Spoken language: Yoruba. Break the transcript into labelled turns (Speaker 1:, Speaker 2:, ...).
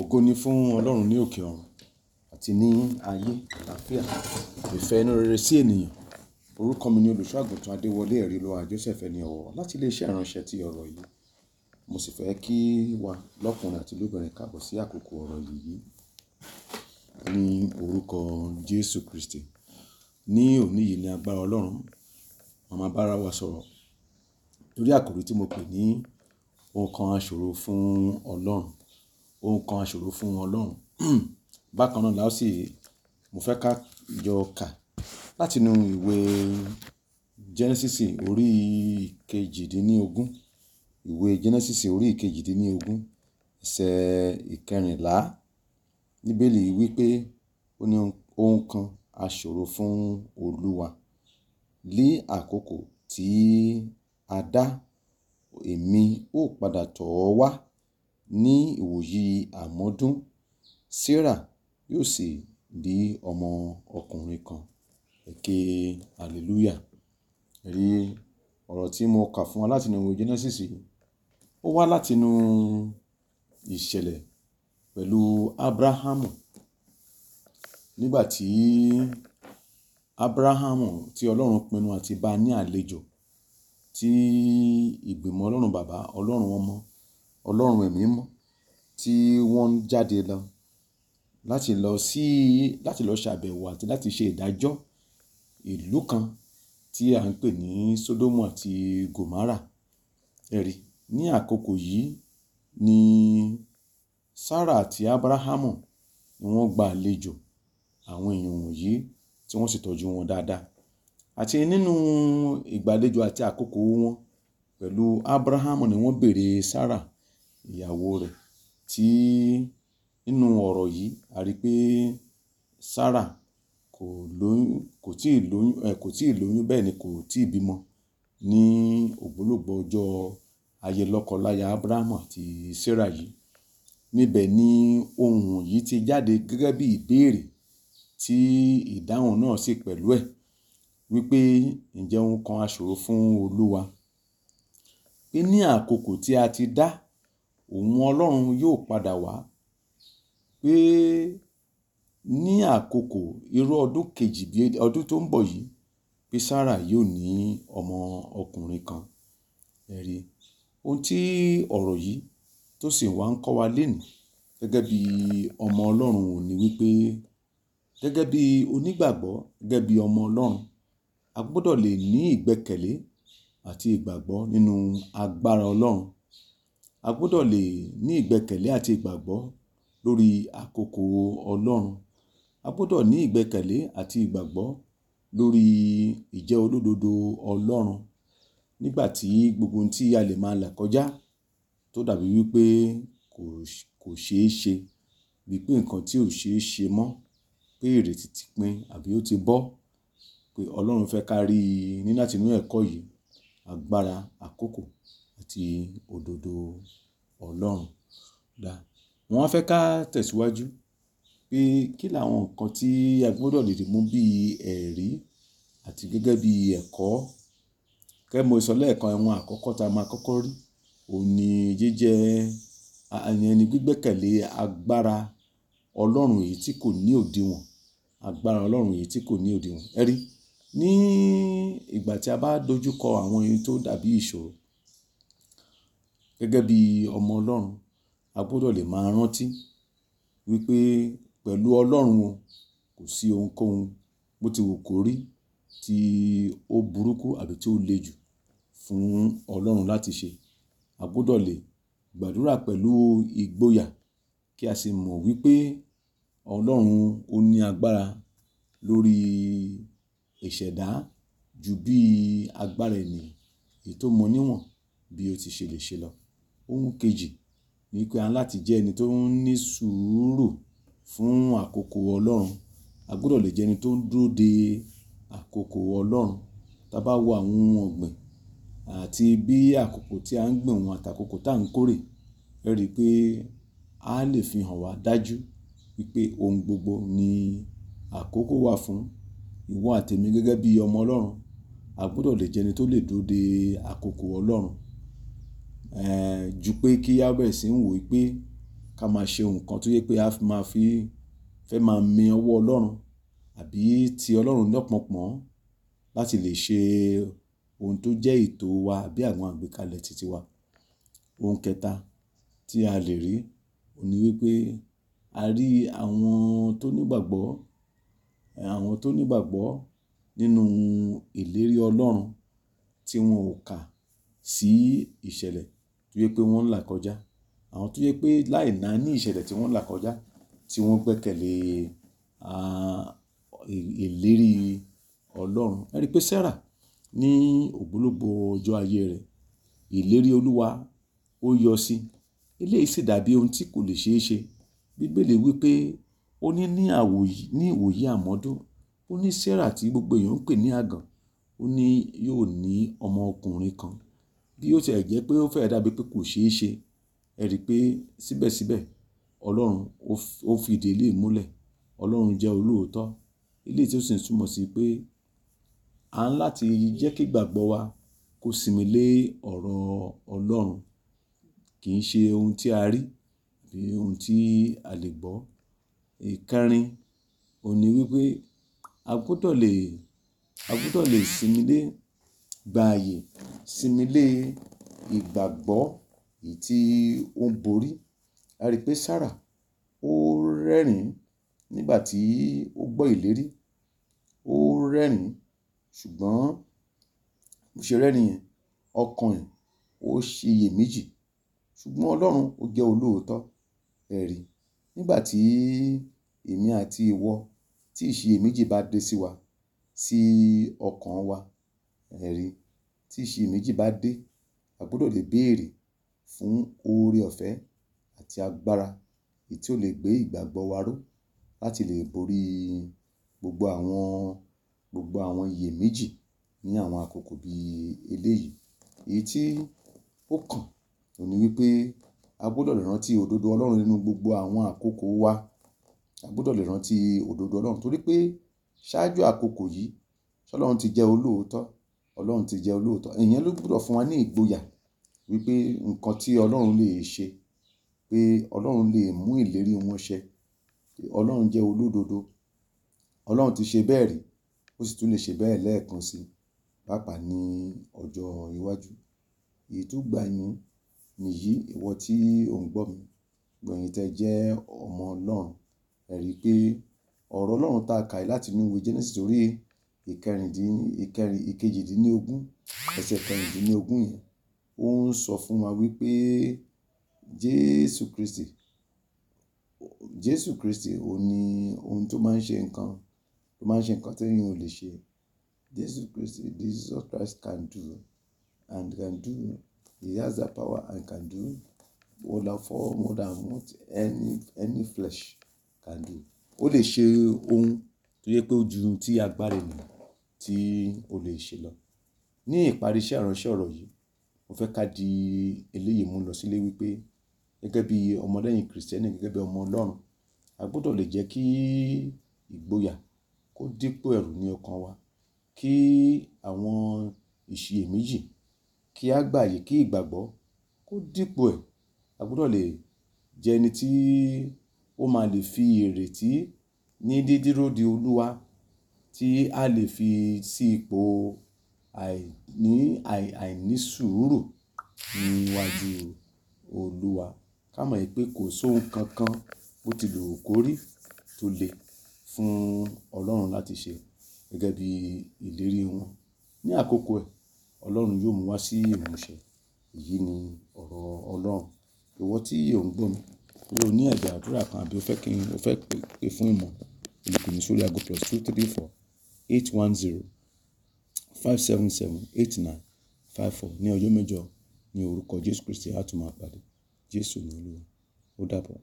Speaker 1: Ògo ni fún Ọlọ́run ní òkè ọ̀run àti ní ayé àlàáfíà, ìfẹ́ inú rere sí ènìyàn. Orúkọ mi ni Olùṣọ́-àgùntàn Adéwọlé Ẹ̀rílóà Josẹ̀f ẹni ọ̀wọ̀ láti ilé-iṣẹ́ ìránṣẹ́ ti ọ̀rọ̀ yìí. Mo sì fẹ́ kí wa lọ́kùnrin àti lóbìnrin káàbọ̀ sí àkókò ọ̀rọ̀ yìí ní orúkọ Jésù Kristi. Ní òní yìí ni agbára Ọlọ́run, a máa bá wa sọ̀rọ̀ lórí àkòrí tí mo pè ní "Ohun aṣòro fún Ọlọ́run" ohun kan àṣòro fún wọn lọ́hùn. Bákan náà la ó sì, mo fẹ́ ká jọ kà láti inú ìwé Genesis orí kejìdínlógún, ìwé Genesis orí kejìdínlógún, ẹsẹ̀ ìkẹrìnlá. Bíbélì wípé ó ní ohun kan àṣòro fún Olúwa. Ni àkókò tí a dá, èmi ó padà tọ̀ ọ́ wá Ní ìwòyí àmọ́dún, Sarah yóò sì bí ọmọ ọkùnrin kan. Èké Hallelujah. Ẹ̀rí ọ̀rọ̀ tí mo kà fún wa láti inú ìwé Genesis yìí, ó wá láti inú ìṣẹ̀lẹ̀ pẹ̀lú Abrahamu. Nígbà tí Abrahamu tí Ọlọ́run pinnu àti bá ní àlejò tí ìgbìmọ̀ Ọlọ́run Baba, Ọlọ́run ọmọ Ọlọ́run ẹ̀mí mọ́ tí wọ́n ń jáde lọ láti lọ sí, láti lọ ṣàbẹ̀wò àti láti ṣe ìdájọ́ ìlú kan tí à ń pè ní Sódómù àti Gòmárà. Ẹ̀rí, ní àkókò yìí ni Sárà àti Ábúráhámù ni wọ́n gba àlejò àwọn èèyàn wọ̀nyí tí wọ́n sì tọ́jú wọn dáadáa. Àti nínú ìgbàlejò àti àkókò wọn pẹ̀lú Ábúráhámù ni wọ́n bèrè Sárà ìyàwó rẹ̀ tí nínú ọ̀rọ̀ yìí a rí pé Sarah kò lóyún, kò tíì lóyún, ẹ kò tíì lóyún bẹ́ẹ̀ ni kò tíì bímọ ní ògbólógbòó ọjọ́ ayé lọ́kọláya Abrahamu àti Sarah yìí. Níbẹ̀ ni ohùn yìí ti jáde gẹ́gẹ́ bí ìbéèrè tí ìdáhùn náà sì pẹ̀lú ẹ̀ wípé ǹjẹ́ ohun kan a fún Olúwa? Pé ní àkókò tí a ti dá òun Ọlọ́run yóò padà wá pé ní àkókò irú ọdún kejì bí ọdún tó ń bọ̀ yìí pé Sárà yóò ní ọmọ ọkùnrin kan. Ẹ rí, ohun tí ọ̀rọ̀ yìí tó sì wá ń kọ́ wa lénìí gẹ́gẹ́ bí ọmọ Ọlọ́run ò ní wípé gẹ́gẹ́ bí onígbàgbọ́, gẹ́gẹ́ bí ọmọ Ọlọ́run, a gbọ́dọ̀ lè ní ìgbẹ́kẹ̀lé àti ìgbàgbọ́ nínú agbára Ọlọ́run a gbọ́dọ̀ lè ní ìgbẹ́kẹ̀lé àti ìgbàgbọ́ lórí àkókò Ọlọ́run. A gbọ́dọ̀ ní ìgbẹ́kẹ̀lé àti ìgbàgbọ́ lórí ìjẹ́ olódodo Ọlọ́run nígbà tí gbogbo ohun tí a lè máa là kọjá tó dàbí wí pé kò, kò ṣe é ṣe, bí i pé nǹkan tí ò ṣe ṣe mọ́, pé ìrètí ti pín àbí ó ti bọ́, pé Ọlọ́run fẹ́ ká rí i ní láti inú ẹ̀kọ́ yìí, agbára àkókò àti òdodo Ọlọ́run. Dá, mo wá fẹ́ ká tẹ̀síwájú pé kí làwọn nǹkan tí a gbọdọ̀ dìdí mú bí ẹ̀rí àti gẹ́gẹ́ bí ẹ̀kọ́. Gẹ́gẹ́ bí mo sọ lẹ́ẹ̀kan, ohun àkọ́kọ́ tí a máa kọ́kọ́ rí òun ní jíjẹ, ẹni gbígbẹ́kẹ̀lé agbára Ọlọ́run èyí tí kò ní òdiwọ̀n, agbára Ọlọ́run èyí tí kò ní òdiwọ̀n. Ẹ ní ìgbà tí a bá dojú kọ àwọn ohun tó dàbí ìṣòro, Gẹ́gẹ́ bí ọmọ Ọlọ́run, a gbọ́dọ̀ lè máa rántí wípé pẹ̀lú Ọlọ́run o, kò sí ohunkóhun bó ti wù kó rí tí ó burúkú àbí tí ó le jù fún Ọlọ́run láti ṣe. A gbọ́dọ̀ lè gbàdúrà pẹ̀lú ìgboyà kí a sì mọ̀ wípé Ọlọ́run ó ní agbára lórí ìṣẹ̀dá ju bí agbára ènìyàn èyí tó níwọ̀n bí ó ti ṣe lè ṣe lọ. Ohun kejì ni pé a ní láti jẹ́ ẹni tó ní sùúrù fún àkókò Ọlọ́run. A gbọdọ̀ lè jẹ́ ẹni tó ń dúró de àkókò Ọlọ́run. Tí a bá wo àwọn ohun ọ̀gbìn àti bí àkókò tí a ń gbìn wọ́n àti àkókò tí à ń kórè, ẹ rí i pé a lè fi hàn wá dájú wípé ohun gbogbo ni àkókò wà fún. Ìwọ àti èmi gẹ́gẹ́ bí ọmọ Ọlọ́run, a gbọdọ̀ lè jẹ́ ẹni tó lè dúró de àkókò Ọlọ́run eh, ju pé kí a bẹ̀rẹ̀ sí ń wò pé ká máa ṣe nǹkan tó yẹ pé a máa fi fẹ́ máa mi ọwọ́ Ọlọ́run àbí ti Ọlọ́run ní ọ̀pọ̀npọ̀n láti lè ṣe ohun tó jẹ́ ètò wa àbí àwọn àgbékalẹ̀ titi wa. Ohun kẹta tí a lè rí òun ni wípé a rí àwọn tó nígbàgbọ́, eh, àwọn tó nígbàgbọ́ nínú ìlérí Ọlọ́run tí wọn ò kà sí ìṣẹ̀lẹ̀ tó yẹ pé wọ́n ń là kọjá, àwọn tó yẹ pé láì náání ìṣẹ̀lẹ̀ tí wọ́n ń là kọjá tí wọ́n gbẹ́kẹ̀lé ìlérí Ọlọ́run. Ẹ rí pé Sarah ní ògbólógbòó ọjọ́ ayé rẹ̀, ìlérí Olúwa ó yọ sí i. Eléyìí sì dàbí ohun tí kò lè ṣe é ṣe. Bíbélì wí ó ní ní ìwòye àmọ́dún, ó ní Sarah tí gbogbo èèyàn ń pè ní àgàn, ó ní yóò ní ọmọ ọkùnrin kan bí ó tiẹ̀ jẹ́ pé ó fẹ́ dàbí pé kò ṣeé ṣe, ẹ rí i pé síbẹ̀síbẹ̀ Ọlọ́run ó fi ìdí eléyìí múlẹ̀. Ọlọ́run jẹ́ olóòótọ́. Eléyìí tí ó sì ń túmọ̀ sí pé a ń láti jẹ́ kí ìgbàgbọ́ wa kó sinmi lé ọ̀rọ̀ Ọlọ́run. Kì í ṣe ohun tí a rí àbí ohun tí a lè gbọ́. Ìkẹrin, òun wípé a gbọdọ̀ lè, a gbọdọ̀ lè sinmi lé gba ààyè sinmi lé ìgbàgbọ́ èyí tí ó ń borí. A rí pé Sarah ó rẹ́rìn-ín nígbà tí ó gbọ́ ìlérí, ó rẹ́rìn-ín ṣùgbọ́n bó ṣe rẹ́rìn-ín yẹn, ọkàn rẹ̀ ó ṣe iyèméjì. Ṣùgbọ́n Ọlọ́run ó jẹ́ olóòótọ́, ẹ̀rí. Nígbà tí èmi àti ìwọ tí ìṣiyèméjì bá dé sí wa, sí ọkàn wa, Ẹ̀rí, tí ìṣeyèméjì bá dé, a gbọdọ̀ lè béèrè fún oore ọ̀fẹ́ àti agbára èyí tí ó lè gbé ìgbàgbọ́ wa ró láti lè borí gbogbo àwọn, gbogbo àwọn iyèméjì ní àwọn àkókò bí eléyìí. Èyí tí ó kàn òun ní wípé a gbọdọ̀ lè rántí òdodo Ọlọ́run nínú gbogbo àwọn àkókò wa. A lè rántí òdodo Ọlọ́run torí pé ṣáájú àkókò yìí, Ọlọ́run ti jẹ́ olóòótọ́. Ọlọ́run ti jẹ́ olóòótọ́. Ìyẹn ló gbọdọ̀ fún wa ní ìgboyà wípé nǹkan tí Ọlọ́run lè ṣe, pé Ọlọ́run lè mú ìlérí wọn ṣẹ. Ọlọ́run jẹ́ olódodo. Ọlọ́run ti ṣe bẹ́ẹ̀ rí, ó sì tún lè ṣe bẹ́ẹ̀ lẹ́ẹ̀kan si, pàápàá ní ọjọ́ iwájú. Ìtúgbà yín nìyí, ìwọ tí ò ń gbọ́ mi, gbogbo ẹ̀yin jẹ́ ọmọ Ọlọ́run, ẹ pé ọ̀rọ̀ Ọlọ́run ta kà láti inú ìwé Genesis orí ìkejìdínlógún, ẹsẹ̀ kẹrìndínlógún yẹn, ó ń sọ fún wa wípé Jésù Kristi, Jésù Kristi òun ni ohun tó máa ń ṣe nǹkan, tó máa ń ṣe nǹkan tí èèyàn ò lè ṣe. Jésù Kristi, Jesus Christ can do and can do. He has the power and can do more than four, more than what any, any flesh can do. Ó lè ṣe ohun tó yẹ pé ó ju ohun tí agbára ènìyàn tí o lè ṣe lọ. Ní ìparí iṣẹ́ ìránṣẹ́ ọ̀rọ̀ yìí, mo fẹ́ ká di eléyìí mú lọ sílé wípé gẹ́gẹ́ bí ọmọ lẹ́yìn Kristẹni, gẹ́gẹ́ bí ọmọ Ọlọ́run, a gbọdọ̀ lè jẹ́ kí ìgboyà kó dípò ẹ̀rù ní ọkàn wa, kí àwọn ìṣiyèméjì kí a gbàyè, kí ìgbàgbọ́ kó dípò ẹ̀. A gbọdọ̀ lè jẹ́ ẹni tí ó máa lè fi ìrètí ní dídúró de Olúwa tí a lè fi sí ipò àìní, àìní sùúrù níwájú Olúwa. Ká mọ̀ pé kò sí ohun kankan bó ti lè wù kórí tó le fún Ọlọ́run láti ṣe gẹ́gẹ́ bí ìlérí wọn. Ni àkókò ẹ̀, Ọlọ́run yóò mú wá sí ìmúṣẹ. Èyí ni ọ̀rọ̀ Ọlọ́run. Ìwọ tí ò ń gbọ́ mi, boya ní ẹ̀bẹ̀ àdúrà kan àbí o fẹ́ pè fún ìmọ̀, o sórí ago plus two three four eight one zero five seven seven eight nine five four ní ọjọ́ mẹ́jọ ní orúkọ Jésù Kristi a tún máa pàdé Jésù ní Olúwa ó dàbọ̀.